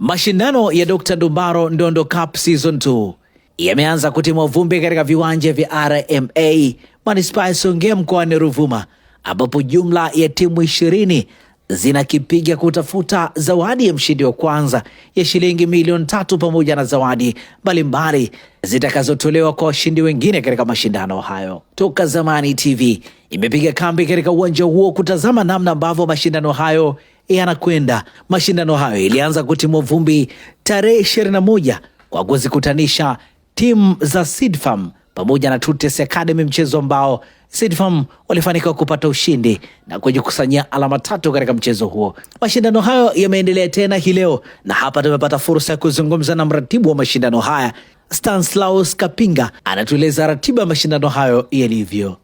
Mashindano ya Dr. Ndumbaro Ndondo Cup Season 2 yameanza kutimwa vumbi katika viwanja vya RMA manispaa ya Songea mkoani Ruvuma, ambapo jumla ya timu ishirini zinakipiga kutafuta zawadi ya mshindi wa kwanza ya shilingi milioni tatu pamoja na zawadi mbalimbali zitakazotolewa kwa washindi wengine katika mashindano hayo. Toka Zamani TV imepiga kambi katika uwanja huo kutazama namna ambavyo mashindano hayo yanakwenda. Mashindano hayo ilianza kutimua vumbi tarehe moja kwa kuzikutanisha timu za Sidfam pamoja na Tutes Academy, mchezo ambao Sidfam walifanikiwa kupata ushindi na kujikusanyia alama tatu katika mchezo huo. Mashindano hayo yameendelea tena hii leo, na hapa tumepata fursa ya kuzungumza na mratibu wa mashindano haya Stanslaus Kapinga, anatueleza ratiba ya mashindano hayo yalivyo.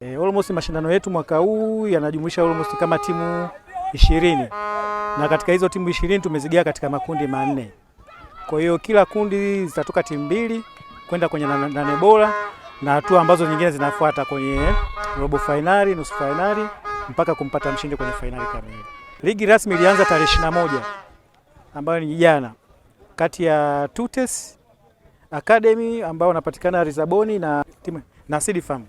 E, almost mashindano yetu mwaka huu yanajumuisha almost kama timu ishirini na katika hizo timu ishirini tumezigia katika makundi manne. Kwa hiyo kila kundi zitatoka timu mbili kwenda kwenye nane bora na hatua ambazo nyingine zinafuata kwenye robo fainali, nusu fainali mpaka kumpata mshindi kwenye fainali kamili. Ligi rasmi ilianza tarehe ishirini na moja ambayo ni jana kati ya Tutes Academy ambao wanapatikana Lisaboni na timu na Sidifam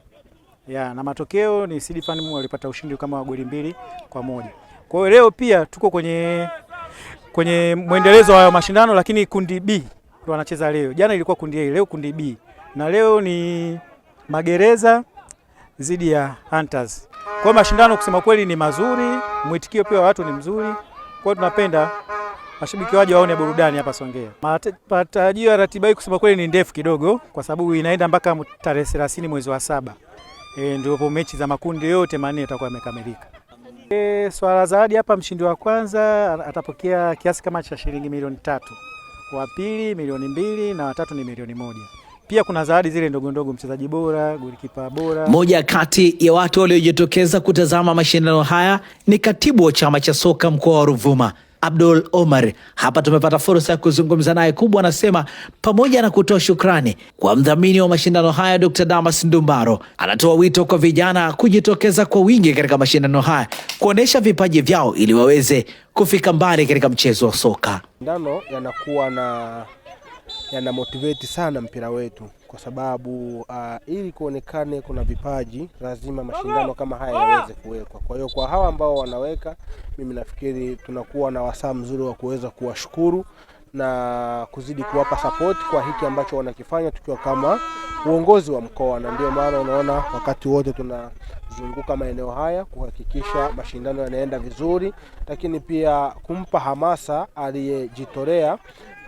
Ya, na matokeo ni Sidifam walipata ushindi kama wa goli mbili kwa moja. Kwa hiyo leo pia tuko kwenye kwenye mwendelezo wa mashindano, lakini kundi B ndo wanacheza leo. Jana ilikuwa kundi A, leo kundi B, na leo ni Magereza dhidi ya Hunters. Kwa hiyo mashindano kusema kweli ni mazuri, mwitikio pia wa watu ni mzuri. Kwa hiyo tunapenda mashabiki waje waone burudani hapa Songea. Matarajio ya ratiba hii kusema kweli ni ndefu kidogo, kwa sababu inaenda mpaka tarehe 30 mwezi wa saba, e, ndipo mechi za makundi yote manne yatakuwa yamekamilika. E, swala zawadi hapa, mshindi wa kwanza atapokea kiasi kama cha shilingi milioni tatu, wa pili milioni mbili na watatu ni milioni moja. Pia kuna zawadi zile ndogo ndogo, mchezaji bora, golikipa bora. Moja kati ya watu waliojitokeza kutazama mashindano haya ni katibu wa chama cha soka mkoa wa Ruvuma Abdul Omar. Hapa tumepata fursa ya kuzungumza naye. Kubwa anasema pamoja na kutoa shukrani kwa mdhamini wa mashindano haya Dr. Damas Ndumbaro, anatoa wito kwa vijana kujitokeza kwa wingi katika mashindano haya kuonyesha vipaji vyao ili waweze kufika mbali katika mchezo wa soka. Mashindano yanakuwa na yanamotivate sana mpira wetu kwa sababu uh, ili kuonekane kuna vipaji lazima mashindano kama haya yaweze kuwekwa. Kwa hiyo kwa hawa ambao wanaweka, mimi nafikiri tunakuwa na wasaa mzuri wa kuweza kuwashukuru na kuzidi kuwapa support kwa hiki ambacho wanakifanya tukiwa kama uongozi wa mkoa, na ndio maana unaona wakati wote tunazunguka maeneo haya kuhakikisha mashindano yanaenda vizuri, lakini pia kumpa hamasa aliyejitolea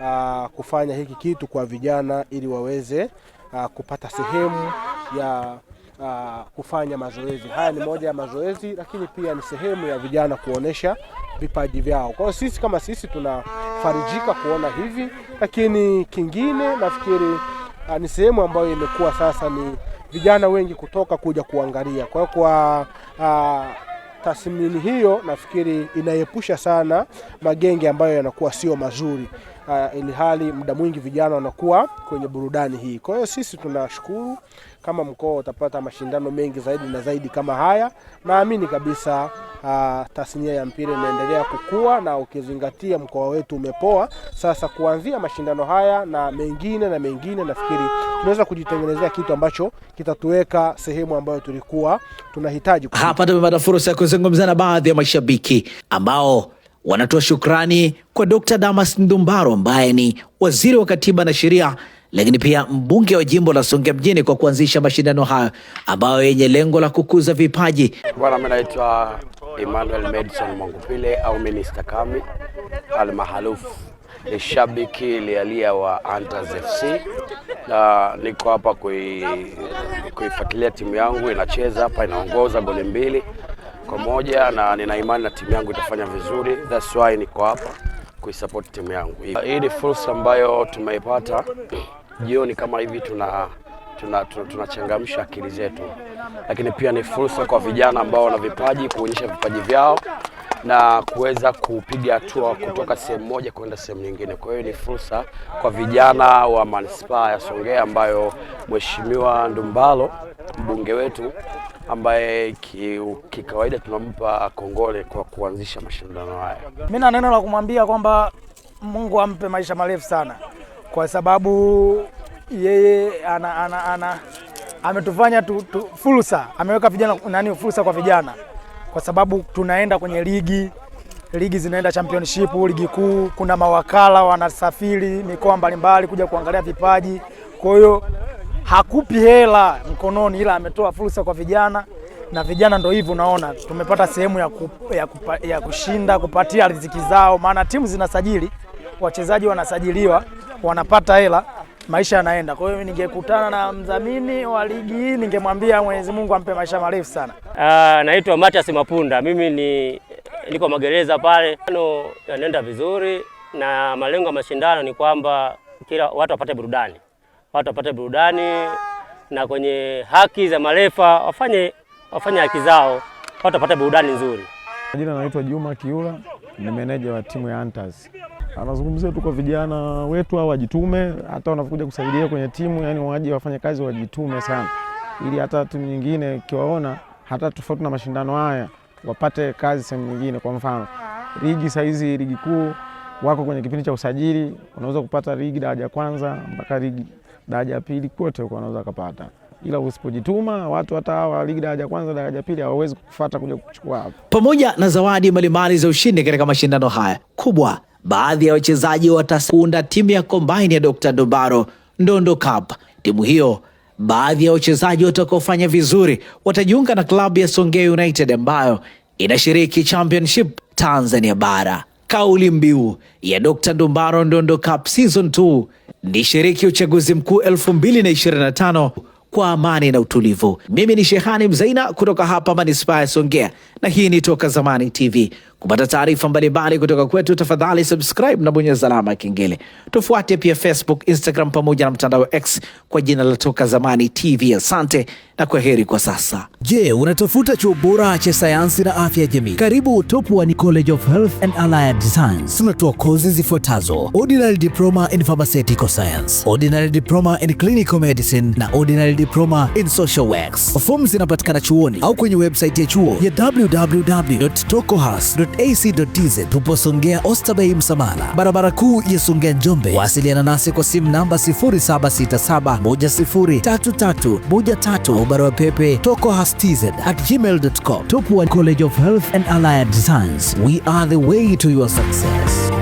ah, kufanya hiki kitu kwa vijana ili waweze uh, kupata sehemu ya uh, kufanya mazoezi. Haya ni moja ya mazoezi, lakini pia ni sehemu ya vijana kuonesha vipaji vyao. Kwa hiyo sisi kama sisi tunafarijika kuona hivi, lakini kingine nafikiri uh, ni sehemu ambayo imekuwa sasa ni vijana wengi kutoka kuja kuangalia. Kwa hiyo kwa uh, tathmini hiyo nafikiri inaepusha sana magenge ambayo yanakuwa sio mazuri uh, ili hali muda mwingi vijana wanakuwa kwenye burudani hii. Kwa hiyo sisi tunashukuru kama mkoa utapata mashindano mengi zaidi na zaidi kama haya, naamini kabisa uh, tasnia ya mpira inaendelea kukua, na ukizingatia mkoa wetu umepoa sasa, kuanzia mashindano haya na mengine na mengine, nafikiri tunaweza kujitengenezea kitu ambacho kitatuweka sehemu ambayo tulikuwa tunahitaji. Hapa tumepata fursa ya kuzungumza na baadhi ya mashabiki ambao wanatoa shukrani kwa Dr. Damas Ndumbaro ambaye ni waziri wa katiba na sheria, lakini pia mbunge wa jimbo la Songea mjini kwa kuanzisha mashindano hayo ambayo yenye lengo la kukuza vipaji. Bwana, naitwa Emmanuel medison Mwangupile au Minister Kami almaarufu ni shabiki lialia wa Antas FC na niko hapa kuifuatilia timu yangu inacheza hapa, inaongoza goli mbili kwa moja, na nina imani na timu yangu itafanya vizuri. That's why niko hapa kuisupport timu yangu. Hii ni fursa ambayo tumeipata jioni kama hivi, tuna tunachangamsha tuna akili zetu, lakini pia ni fursa kwa vijana ambao wana vipaji kuonyesha vipaji vyao na kuweza kupiga hatua kutoka sehemu moja kwenda sehemu nyingine. Kwa hiyo ni fursa kwa vijana wa manispaa ya Songea ambayo Mheshimiwa Ndumbalo mbunge wetu ambaye kikawaida tunampa kongole kwa kuanzisha mashindano haya. Mimi na neno la kumwambia kwamba Mungu ampe maisha marefu sana, kwa sababu yeye ana, ana, ana, ametufanya tu, tu, fursa ameweka vijana nani, fursa kwa vijana, kwa sababu tunaenda kwenye ligi ligi zinaenda championship, ligi kuu, kuna mawakala wanasafiri mikoa mbalimbali kuja kuangalia vipaji, kwa hiyo hakupi hela mkononi, ila ametoa fursa kwa vijana na vijana ndo hivyo, unaona tumepata sehemu ya, ku, ya, kupa, ya kushinda kupatia riziki zao, maana timu zinasajili wachezaji wanasajiliwa, wanapata hela, maisha yanaenda. Kwa hiyo ningekutana na mdhamini wa ligi hii ningemwambia Mwenyezi Mungu ampe maisha marefu sana. Uh, naitwa Matias Mapunda, mimi ni niko magereza pale, yanaenda vizuri na malengo ya mashindano ni kwamba kila watu wapate burudani watu wapate burudani, na kwenye haki za marefa wafanye wafanye haki zao, watu wapate burudani nzuri. Jina naitwa Juma Kiula, ni meneja wa timu ya Hunters. Anazungumzia tu kwa vijana wetu hao wajitume, hata wanapokuja kusaidia kwenye timu, yani waje wafanye kazi, wajitume sana, ili hata timu nyingine ikiwaona, hata tofauti na mashindano haya, wapate kazi sehemu nyingine. Kwa mfano ligi saizi, ligi kuu wako kwenye kipindi cha usajili, unaweza kupata ligi daraja kwanza mpaka ligi daraja ya pili kote huko anaweza kupata, ila usipojituma watu hata hawa ligi daraja kwanza, daraja pili hawawezi kufuata kuja kuchukua hapo. Pamoja na zawadi mbalimbali za ushindi katika mashindano haya kubwa, baadhi ya wachezaji wataunda timu ya combine ya Dr. dobaro Ndondo Cup. Timu hiyo baadhi ya wachezaji watakaofanya vizuri watajiunga na klabu ya Songea United ambayo inashiriki Championship Tanzania Bara. Kauli mbiu ya Dr. Ndumbaro Ndondo Cup Season 2 ni shiriki uchaguzi mkuu 2025 kwa amani na utulivu. Mimi ni Shehani Mzaina kutoka hapa manispaa ya Songea, na hii ni Toka Zamani TV. Kupata taarifa mbalimbali kutoka kwetu, tafadhali subscribe na bonyeza alama ya kengele. Tufuate pia Facebook, Instagram pamoja na mtandao wa X kwa jina la Toka Zamani TV. Asante na kwa heri kwa sasa. Je, unatafuta chuo bora cha sayansi na afya ya jamii? Karibu Top One College of Health and Allied Science. Tunatoa kozi zifuatazo: Ordinary Diploma in Pharmaceutical Science, Ordinary Diploma in Clinical Medicine na Ordinary Diploma in Social Works. Fomu zinapatikana chuoni au kwenye website ya chuo ya www.tokohas www.ac.tz. tupo Songea Oysterbay Msamala, barabara kuu ya Songea Njombe. Wasiliana nasi kwa simu namba 0767103313 au barua pepe gmailcom Tupo College of Health and Allied Science. We are the way to your success.